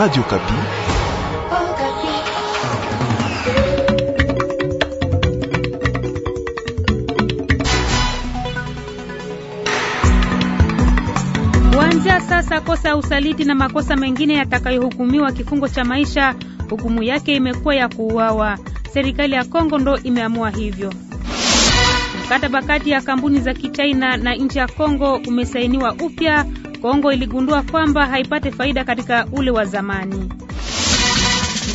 Radio Kapi. Kuanzia sasa kosa ya usaliti na makosa mengine yatakayohukumiwa kifungo cha maisha, hukumu yake imekuwa ya kuuawa. Serikali ya Kongo ndo imeamua hivyo. Mkataba kati ya kampuni za Kichina na nchi ya Kongo umesainiwa upya Kongo iligundua kwamba haipate faida katika ule wa zamani.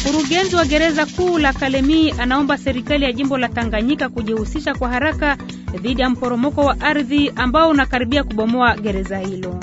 Mkurugenzi wa gereza kuu la Kalemi anaomba serikali ya jimbo la Tanganyika kujihusisha kwa haraka dhidi ya mporomoko wa ardhi ambao unakaribia kubomoa gereza hilo.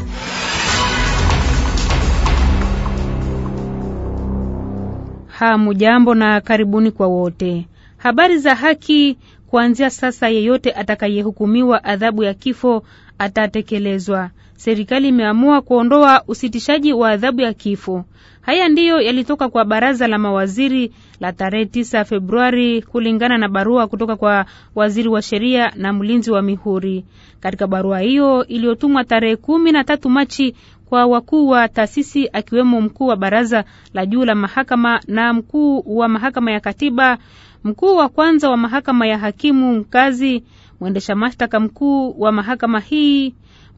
Hamujambo na karibuni kwa wote. Habari za haki kuanzia sasa, yeyote atakayehukumiwa adhabu ya kifo atatekelezwa serikali imeamua kuondoa usitishaji wa adhabu ya kifo. Haya ndiyo yalitoka kwa baraza la mawaziri la tarehe 9 Februari, kulingana na barua kutoka kwa waziri wa sheria na mlinzi wa mihuri. Katika barua hiyo iliyotumwa tarehe kumi na tatu Machi kwa wakuu wa taasisi akiwemo mkuu wa baraza la juu la mahakama na mkuu wa mahakama ya katiba, mkuu wa kwanza wa mahakama ya hakimu mkazi, mwendesha mashtaka mkuu wa mahakama hii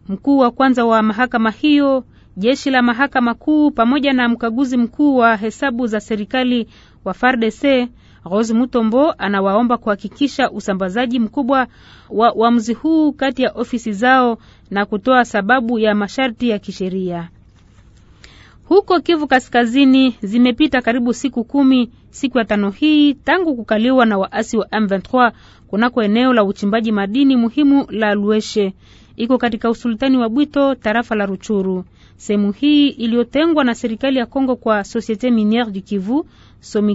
mkuu wa kwanza wa mahakama hiyo, jeshi la mahakama kuu pamoja na mkaguzi mkuu wa hesabu za serikali wa FARDC Rose Mutombo anawaomba kuhakikisha usambazaji mkubwa wa uamuzi huu kati ya ofisi zao na kutoa sababu ya masharti ya kisheria huko Kivu Kaskazini zimepita karibu siku kumi siku ya tano hii tangu kukaliwa na waasi wa M23 kunako eneo la uchimbaji madini muhimu la Lueshe iko katika usultani wa Bwito tarafa la Ruchuru. Sehemu hii iliyotengwa na serikali ya Kongo kwa Societe Miniere du Kivu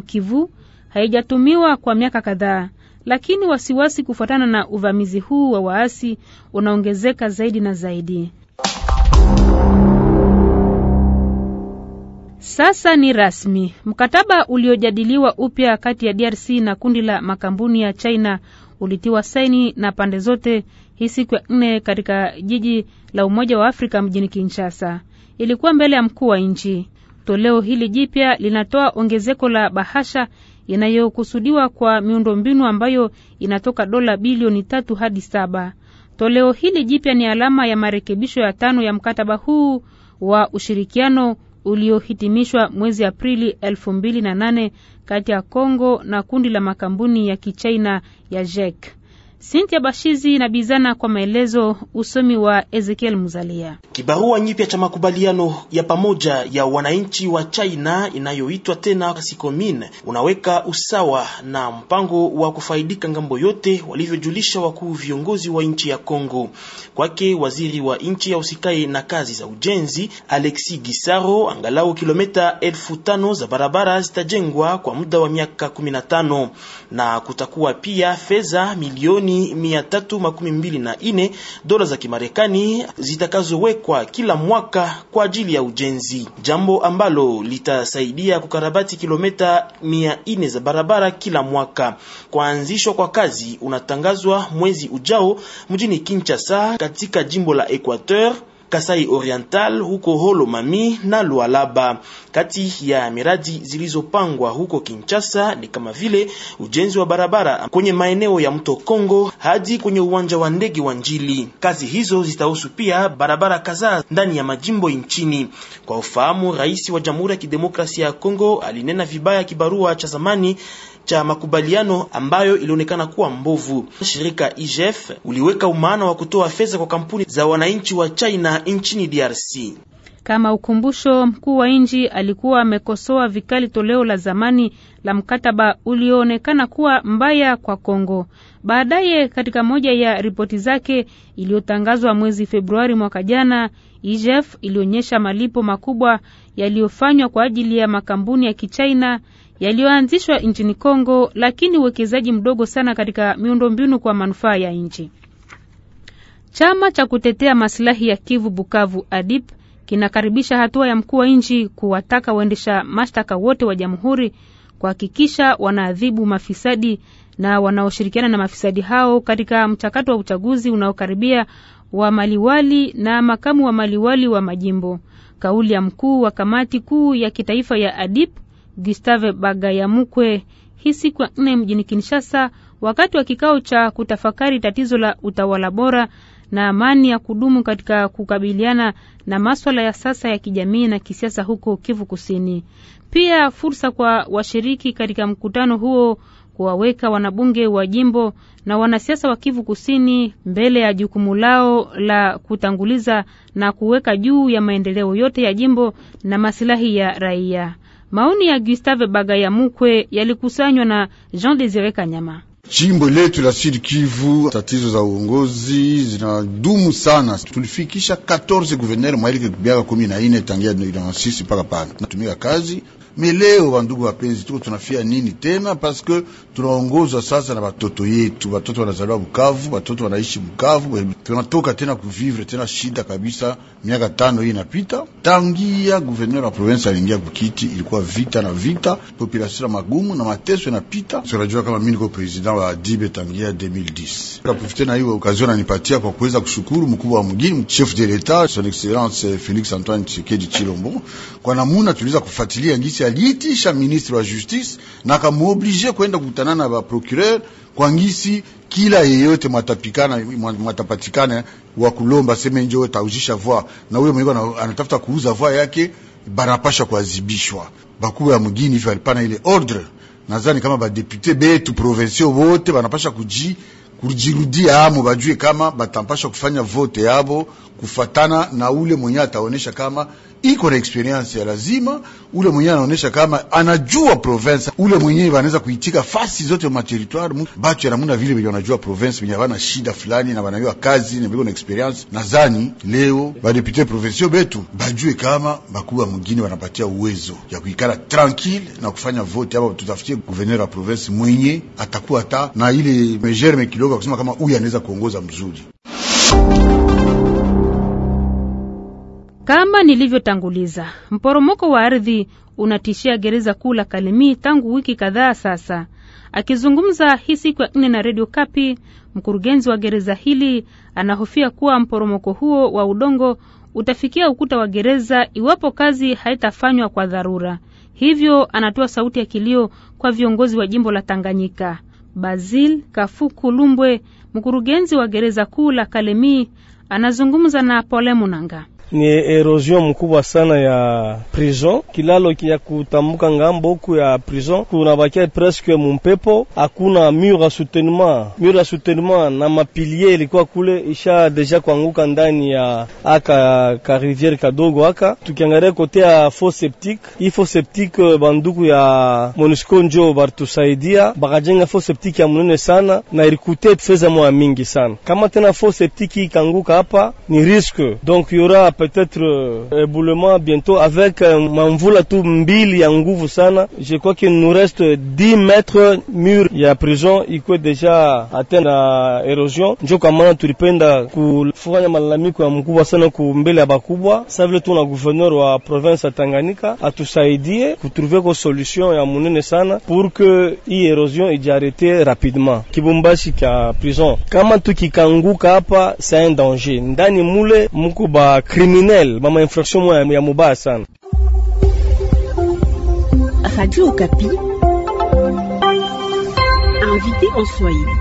Kivu haijatumiwa kwa miaka kadhaa, lakini wasiwasi kufuatana na uvamizi huu wa waasi unaongezeka zaidi na zaidi. Sasa ni rasmi. Mkataba uliojadiliwa upya kati ya DRC na kundi la makampuni ya China ulitiwa saini na pande zote hii siku ya nne katika jiji la Umoja wa Afrika mjini Kinshasa. Ilikuwa mbele ya mkuu wa nchi. Toleo hili jipya linatoa ongezeko la bahasha inayokusudiwa kwa miundombinu ambayo inatoka dola bilioni tatu hadi saba. Toleo hili jipya ni alama ya marekebisho ya tano ya mkataba huu wa ushirikiano uliohitimishwa mwezi Aprili 2008 kati ya Kongo na kundi la makampuni ya Kichina ya JEC. Sintia Bashizi na Bizana kwa maelezo. Usomi wa Ezekiel Muzalia. Kibarua nyipya cha makubaliano ya pamoja ya wananchi wa China inayoitwa tena Sikomin unaweka usawa na mpango wa kufaidika ngambo yote, walivyojulisha wakuu viongozi wa nchi ya Kongo. Kwake waziri wa nchi ya usikae na kazi za ujenzi Alexi Gisaro, angalau kilomita elfu tano za barabara zitajengwa kwa muda wa miaka 15 na kutakuwa pia fedha milioni milioni ine dola za Kimarekani zitakazowekwa kila mwaka kwa ajili ya ujenzi, jambo ambalo litasaidia kukarabati mia ine za barabara kila mwaka. Kuanzishwa kwa kazi unatangazwa mwezi ujao mjini Kinshasa katika jimbo la Equateur Kasai Oriental huko Holomami na Lualaba. Kati ya miradi zilizopangwa huko Kinshasa ni kama vile ujenzi wa barabara kwenye maeneo ya mto Kongo hadi kwenye uwanja wa ndege wa Njili. Kazi hizo zitahusu pia barabara kadhaa ndani ya majimbo nchini. Kwa ufahamu, rais wa Jamhuri ya Kidemokrasia ya Kongo alinena vibaya kibarua cha zamani cha makubaliano ambayo ilionekana kuwa mbovu. Shirika IGF uliweka umaana wa kutoa fedha kwa kampuni za wananchi wa China nchini DRC. Kama ukumbusho, mkuu wa nchi alikuwa amekosoa vikali toleo la zamani la mkataba ulioonekana kuwa mbaya kwa Kongo. Baadaye, katika moja ya ripoti zake iliyotangazwa mwezi Februari mwaka jana, IGF ilionyesha malipo makubwa yaliyofanywa kwa ajili ya makampuni ya Kichina yaliyoanzishwa nchini Kongo, lakini uwekezaji mdogo sana katika miundombinu kwa manufaa ya nchi. Chama cha kutetea masilahi ya Kivu Bukavu ADIP kinakaribisha hatua ya mkuu wa nchi kuwataka waendesha mashtaka wote wa jamhuri kuhakikisha wanaadhibu mafisadi na wanaoshirikiana na mafisadi hao katika mchakato wa uchaguzi unaokaribia wa maliwali na makamu wa maliwali wa majimbo. Kauli ya mkuu wa kamati kuu ya kitaifa ya ADIP Gustave Bagayamukwe hii siku ya nne mjini Kinshasa wakati wa kikao cha kutafakari tatizo la utawala bora na amani ya kudumu katika kukabiliana na maswala ya sasa ya kijamii na kisiasa huko Kivu Kusini. Pia fursa kwa washiriki katika mkutano huo kuwaweka wanabunge wa jimbo na wanasiasa wa Kivu Kusini mbele ya jukumu lao la kutanguliza na kuweka juu ya maendeleo yote ya jimbo na masilahi ya raia. Maoni ya Gustave Bagaya Mukwe yalikusanywa na Jean Desire Kanyama. Jimbo letu la Sud Kivu, tatizo za uongozi zinadumu sana. Tulifikisha 14 mwaelike mwa kumi na 14 tangia sisi mpaka pana Natumika kazi Me leo wandugu wapenzi, tuko tunafia nini tena? Paske tunaongozwa sasa na watoto yetu. Watoto wanazaliwa Bukavu, watoto wanaishi Bukavu, tunatoka tena kuvivre tena shida kabisa. Miaka tano hii inapita tangia gouverneur wa province aliingia kukiti, ilikuwa vita na vita, population magumu na mateso inapita. Tunajua kama mimi niko president wa Dibe tangia 2010 kapufite na hiyo occasion ananipatia kwa kuweza kushukuru mkubwa wa mgini chef de l'etat son excellence Felix Antoine Tshisekedi Chilombo kwa namuna tuliweza kufuatilia ngisi polisi aliitisha ministre wa justice na akamuoblige kwenda kukutana na baprocureur kwa ngisi kila yeyote matapikana matapatikana wa kulomba seme njo tauzisha voa na huyo mwiko anatafuta kuuza voa yake banapasha kuadhibishwa. Bakuu ya mgini hivyo alipana ile ordre. Nadhani kama badepute betu provinciaux wote banapasha kuji kujirudia amo bajue kama batampasha kufanya vote yabo kufatana na ule mwenye ataonesha kama iko na experience ya lazima, ule mwenyewe anaonesha kama anajua province, ule mwenyewe anaweza kuitika fasi zote ma territoire bacho ya vile vile anajua province venye havana shida fulani na wanajua kazi na biko na experience. Nadhani leo badepute provinciaux betu bajue kama bakuwa mwingine wanapatia uwezo ya kuikala tranquille na kufanya vote, ama tutafutie gouverneur wa province mwenye atakuwa hata na ile megerme kidogo kusema kama huyu anaweza kuongoza mzuri. Kama nilivyotanguliza, mporomoko wa ardhi unatishia gereza kuu la Kalemie tangu wiki kadhaa sasa. Akizungumza hii siku ya nne na redio Kapi, mkurugenzi wa gereza hili anahofia kuwa mporomoko huo wa udongo utafikia ukuta wa gereza iwapo kazi haitafanywa kwa dharura. Hivyo anatoa sauti ya kilio kwa viongozi wa jimbo la Tanganyika. Basil Kafuku Lumbwe, mkurugenzi wa gereza kuu la Kalemie, anazungumza na Pole Munanga ni erosion mkubwa sana ya prison. Kilalo ya kutambuka ngambo huku ya prison kunabakia presque mumpepo, hakuna mur ya soutenema. Mur ya soutenema na mapilier ilikuwa kule isha deja kuanguka ndani ya aka ka riviere kadogo aka. Tukiangalia kote ya fosse septique, i fosse septique eh, banduku ya MONUSCO njo bartusaidia bakajenga fosse septique ya munene sana na ilikute pesa moya mingi sana. Kama tena fosse septique ikanguka hapa ni risque donc yura peut-être euh, éboulement bientôt avec euh, mamvula tu mbili ya nguvu sana. Je crois qu'il nous reste 10 mètres mur a prison iko deja atteint na erosion, njo kwa maana tulipenda kufanya malalamiko ya mkubwa sana ku mbele ya bakubwa. Sasa vile tuna gouverneur wa province ya Tanganyika atusaidie trouver ko solution ya munene sana pour que érosion erosion ijarete rapidement. Kibumbashi ka prison kama tukikanguka hapa, c'est un danger ndani mule mko ba crime criminel mama infraction moya ya mubaya sana. Radio Okapi invité en Swahili.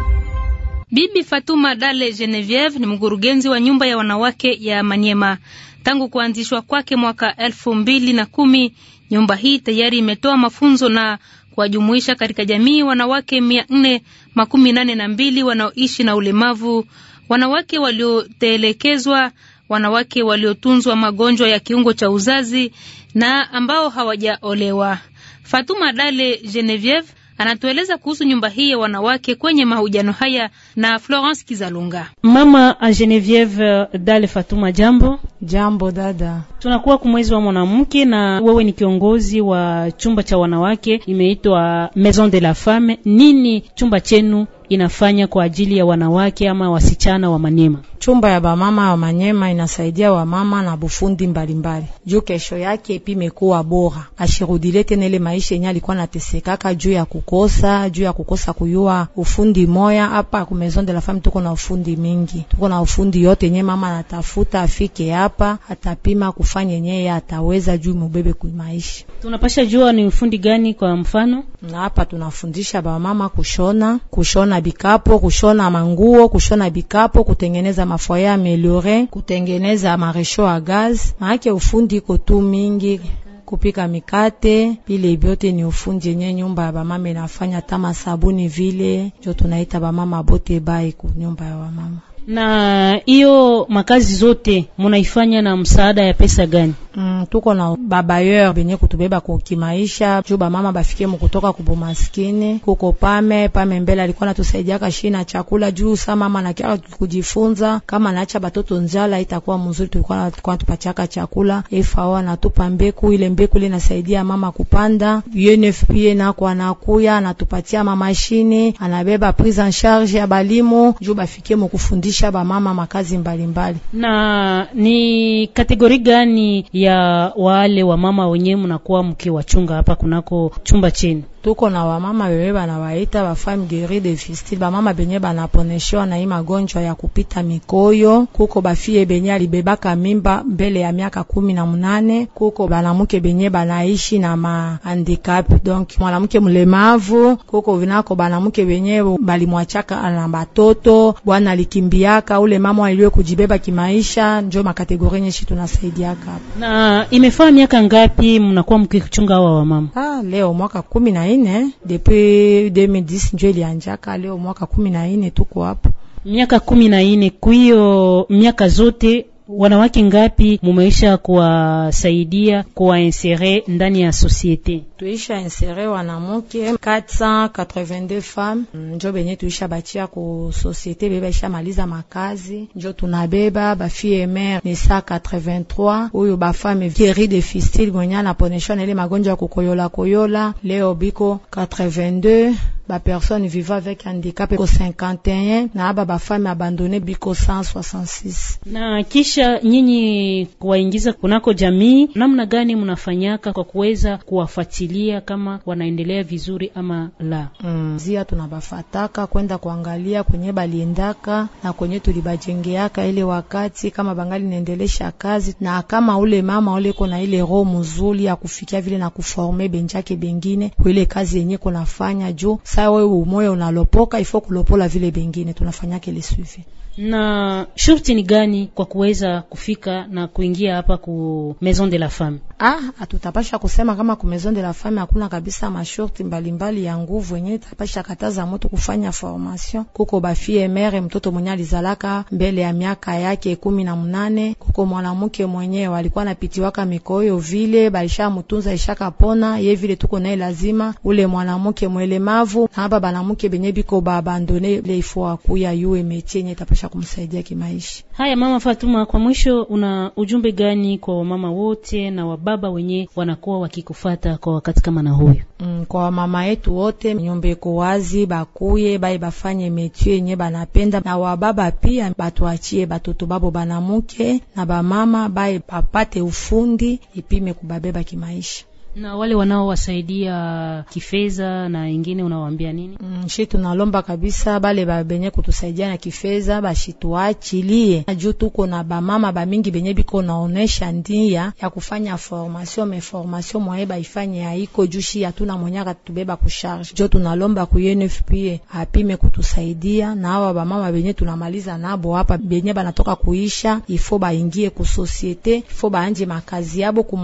Bibi Fatuma Dale Genevieve ni mkurugenzi wa nyumba ya wanawake ya Maniema. Tangu kuanzishwa kwake mwaka elfu mbili na kumi, nyumba hii tayari imetoa mafunzo na kuwajumuisha katika jamii wanawake mia nne makumi nane na mbili wanaoishi na ulemavu, wanawake waliotelekezwa, wanawake waliotunzwa magonjwa ya kiungo cha uzazi na ambao hawajaolewa. Fatuma Dale Genevieve anatueleza kuhusu nyumba hii ya wanawake kwenye mahojiano haya na Florence Kizalunga. Mama a Genevieve uh, Dale Fatuma, jambo. Jambo dada, tunakuwa kumwezi wa mwanamke na wewe ni kiongozi wa chumba cha wanawake, imeitwa Maison de la Femme. Nini chumba chenu inafanya kwa ajili ya wanawake ama wasichana wa Manyema. Chumba ya bamama wa Manyema inasaidia wamama na bufundi mbalimbali, juu kesho yake pimekuwa bora, ashirudile tena ile maisha yenye alikuwa natesekaka juu ya kukosa juu ya kukosa kuyua ufundi moya. Hapa kumezon de la femme tuko na ufundi mingi, tuko na ufundi yote yenye mama anatafuta afike hapa atapima kufanya yenyewe ataweza juu mubebe kuimaisha. Tunapasha jua ni ufundi gani? Kwa mfano na hapa tunafundisha bamama kushona kushona bikapo, kushona manguo, kushona bikapo, kutengeneza mafoya ameliore, kutengeneza maresho a gaz. Maake ufundi iko tu mingi kupika mikate vile vyote ni ufundi yenye nyumba ya bamama inafanya, tama sabuni vile njo tunaita bamama bote bai ku nyumba ya bamama. Na hiyo makazi zote munaifanya na msaada ya pesa gani? Mm, tuko na babayeur benye kutubeba kukimaisha juu bamama bafike mukutoka kubumaskini. Kuko pame pame mbele alikuwa natusaidiaka shi na chakula juu sa mama nakia kujifunza, kama naacha batoto njala itakuwa mzuri. Tulikuwa natupachaka chakula efawa anatupa mbeku, ile mbeku ile nasaidia mama kupanda. unfp nako anakuya anatupatia mamashini, anabeba prise en charge ya balimu juu bafike mukufundisha bamama makazi mbalimbali mbali. Na ni kategori gani ya wale wa mama wenyewe mnakuwa mkiwachunga hapa kunako chumba chenu? tuko na wamama wenye banawaita bafame guerre de fistule, bamama benye banaponeshewa na hii magonjwa ya kupita mikoyo. Kuko bafie benye alibebaka mimba mbele ya miaka kumi na munane. Kuko banamuke benye banaishi na ma handicap, donc mwanamke mulemavu Kuko vinako banamuke benye balimwachaka na batoto, bwana alikimbiaka ule mama aliwe kujibeba kimaisha. Njo makategori nyeshi tunasaidiaka. Na imefaa miaka ngapi mnakuwa mkichunga hawa wamama? Ah, leo mwaka kumi na ine depuis 2010 njo ilianjaka, leo mwaka kumi na ine tuko hapa, miaka kumi na ine. kwiyo miaka zote wanawake ngapi mumeisha kuwasaidia kuwainsere ndani ya societe? Tuisha insere wanamuke 482 femme njo benye tuisha batia ku societe, bebaisha maliza makazi, njo tunabeba bafie mère ni 83 oyo bafame keri de fistile bonya na poneshwa na ile magonjwa ya kukoyola koyola, leo biko 82 bapersone vivant avec handicap biko 51 na aba bafami abandone biko 166. Na kisha nyinyi kuwaingiza kunako jamii, namna gani mnafanyaka kwa kuweza kuwafuatilia kama wanaendelea vizuri ama la? Mm. Zia tunabafataka kwenda kuangalia kwenye baliendaka na kwenye tulibajengeaka ile wakati, kama bangali naendelesha kazi na kama ule mama ule kona ile roho mzuri ya kufikia vile na kuforme benjake bengine kwile kazi yenye kunafanya juu saa wewe moyo unalopoka ifo kulopola vile bengine tunafanyake le suivi. Na shurti ni gani kwa kuweza kufika na kuingia hapa ku Maison de la Femme? Ah, atutapasha kusema kama ku Maison de la Femme hakuna kabisa mashurti mbalimbali ya nguvu yenyewe tapasha kataza moto kufanya formation. Kuko bafie mere mtoto mwenye alizalaka mbele ya miaka yake kumi na mnane, kuko mwanamke mwenyewe alikuwa anapitiwaka mikoyo vile balisha mtunza ishaka pona ye vile tuko naye lazima ule mwanamke mwelemavu nguvu hapa banamuke benye biko ndone ile ifo akuya yue metie tapasha kumsaidia kimaisha. Haya, mama Fatuma, kwa mwisho, una ujumbe gani kwa wamama wote na wababa wenye wanakuwa wakikufata kwa wakati kama na huyu? Mm, kwa wamama yetu wote nyumba iko wazi, bakuye baye bafanye metie yenye banapenda, na wababa pia batuachie batoto babo banamuke na bamama baye bapate ufundi ipime kubabeba kimaisha. Na wale wanaowasaidia kifedha na wengine unawaambia nini? Mm, shi tunalomba kabisa bale ba benye kutusaidia na kifedha bashituachilie juu tuko na bamama bamingi benye biko naonesha ndia ya kufanya formation me formation mwaye baifanye haiko juu shi hatuna mwenyaka tubeba kusharge jo, tunalomba ku UNFP apime kutusaidia na hawa bamama benye tunamaliza nabo hapa benye banatoka kuisha ifo baingie ku societe ifo baanje makazi yabo ku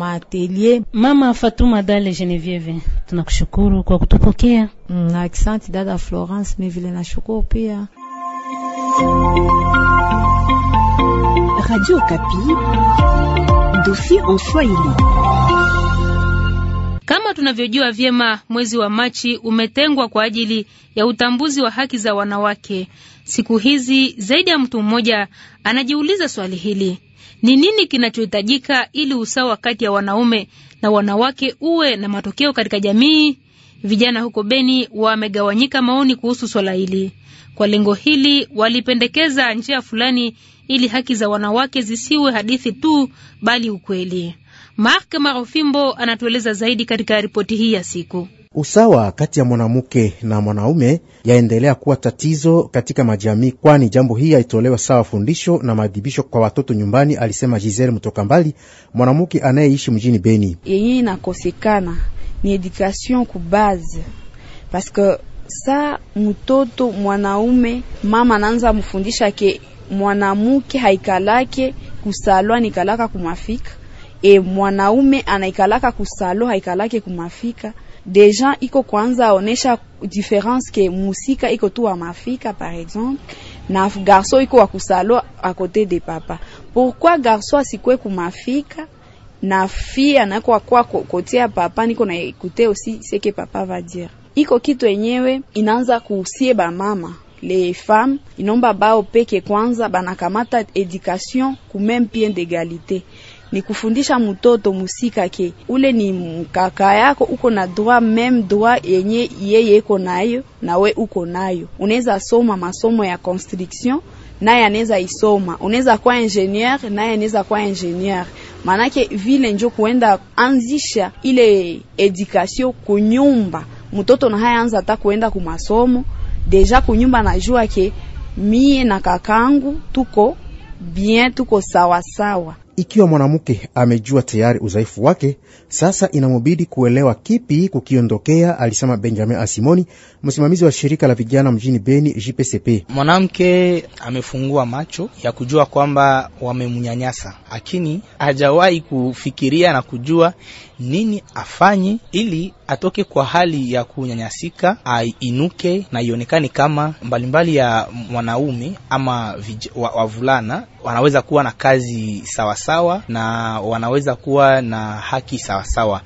mama tu Dale Genevieve, tunakushukuru kwa kutupokea. Mm, asante dada Florence, mimi vile nashukuru pia. Radio Kapi, dossier en Swahili. Kama tunavyojua vyema, mwezi wa Machi umetengwa kwa ajili ya utambuzi wa haki za wanawake. Siku hizi zaidi ya mtu mmoja anajiuliza swali hili. Ni nini kinachohitajika ili usawa kati ya wanaume na wanawake uwe na matokeo katika jamii? Vijana huko Beni wamegawanyika maoni kuhusu swala hili. Kwa lengo hili, walipendekeza njia fulani ili haki za wanawake zisiwe hadithi tu, bali ukweli. Mark Marofimbo anatueleza zaidi katika ripoti hii ya siku. Usawa kati ya mwanamke na mwanaume yaendelea kuwa tatizo katika majamii, kwani jambo hii haitolewa sawa fundisho na maadhibisho kwa watoto nyumbani, alisema Gisele Mtoka Mbali, mwanamke anayeishi mjini Beni. Yenye inakosekana ni ku base paske sa mtoto mwanaume mama anaanza mfundisha ke mwanamke haikalake kusalwa nikalaka kumafika, e mwanaume anaikalaka kusalo haikalake kumafika deja iko kwanza onesha difference ke musika iko tu wa mafika par exemple na garso iko wa kusalo a côté de papa. Pourquoi garso asikwe kumafika na fille anakuwa kwa kote ya papa, niko na ekute aussi ce que papa va dire. Iko kitu enyewe inaanza kuhusie ba mama les femmes inomba bao peke kwanza banakamata education ku même pied d'égalité ni kufundisha mtoto musika ule ni mkaka yako, uko na droit meme droit yenye yeye iko nayo na we uko nayo. Unaweza soma masomo ya construction naye anaweza isoma, unaweza kuwa ingenieur naye anaweza kuwa ingenieur. Maanake vile njo kuenda anzisha ile edukasio kunyumba, mtoto na haya anza hata kuenda kumasomo deja kunyumba, najua ke mie na kakangu tuko bien, tuko sawasawa sawa. Ikiwa mwanamke amejua tayari udhaifu wake, sasa inamubidi kuelewa kipi kukiondokea, alisema Benjamin Asimoni, msimamizi wa shirika la vijana mjini Beni, JPCP. Mwanamke amefungua macho ya kujua kwamba wamemnyanyasa, lakini hajawahi kufikiria na kujua nini afanye ili atoke kwa hali ya kunyanyasika, ainuke na ionekane kama mbalimbali mbali ya mwanaume ama wavulana wanaweza kuwa na kazi sawasawa na wanaweza kuwa na haki sawasawa.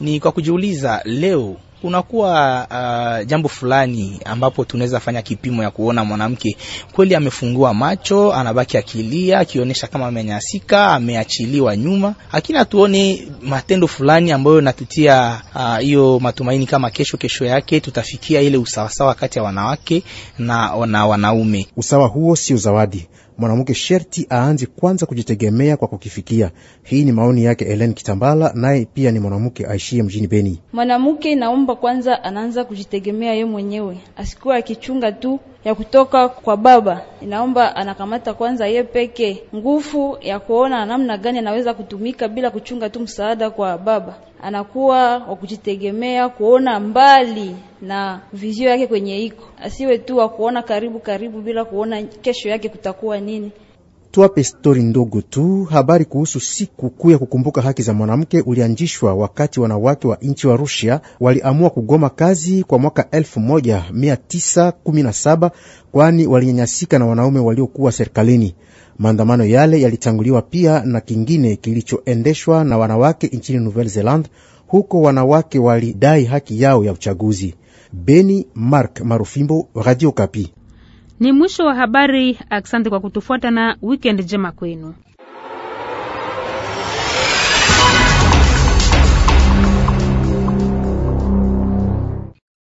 Ni kwa kujiuliza leo kunakuwa uh, jambo fulani ambapo tunaweza fanya kipimo ya kuona mwanamke kweli amefungua macho, anabaki akilia, akionyesha kama amenyasika, ameachiliwa nyuma, lakini hatuone matendo fulani ambayo natutia uh, hiyo uh, matumaini kama kesho kesho yake tutafikia ile usawasawa kati ya wanawake na wanaume. Usawa huo sio zawadi mwanamke sherti aanze kwanza kujitegemea kwa kukifikia. Hii ni maoni yake Ellen Kitambala, naye pia ni mwanamke aishie mjini Beni. Mwanamke naomba kwanza anaanza kujitegemea ye mwenyewe, asikuwa akichunga tu ya kutoka kwa baba, inaomba anakamata kwanza ye peke nguvu ya kuona namna gani anaweza kutumika bila kuchunga tu msaada kwa baba. Anakuwa wa kujitegemea, kuona mbali na vizio yake kwenye iko, asiwe tu wa kuona karibu karibu bila kuona kesho yake kutakuwa nini. Tuwape stori ndogo tu, habari kuhusu siku kuu ya kukumbuka haki za mwanamke ulianjishwa wakati wanawake wa nchi wa Rusia waliamua kugoma kazi kwa mwaka 1917 kwani walinyanyasika na wanaume waliokuwa serikalini. Maandamano yale yalitanguliwa pia na kingine kilichoendeshwa na wanawake nchini Nouvelle Zelande. Huko wanawake walidai haki yao ya uchaguzi. Beni, Mark Marufimbo, Radio Kapi. Ni mwisho wa habari. Asante kwa kutufuata na wikendi njema kwenu.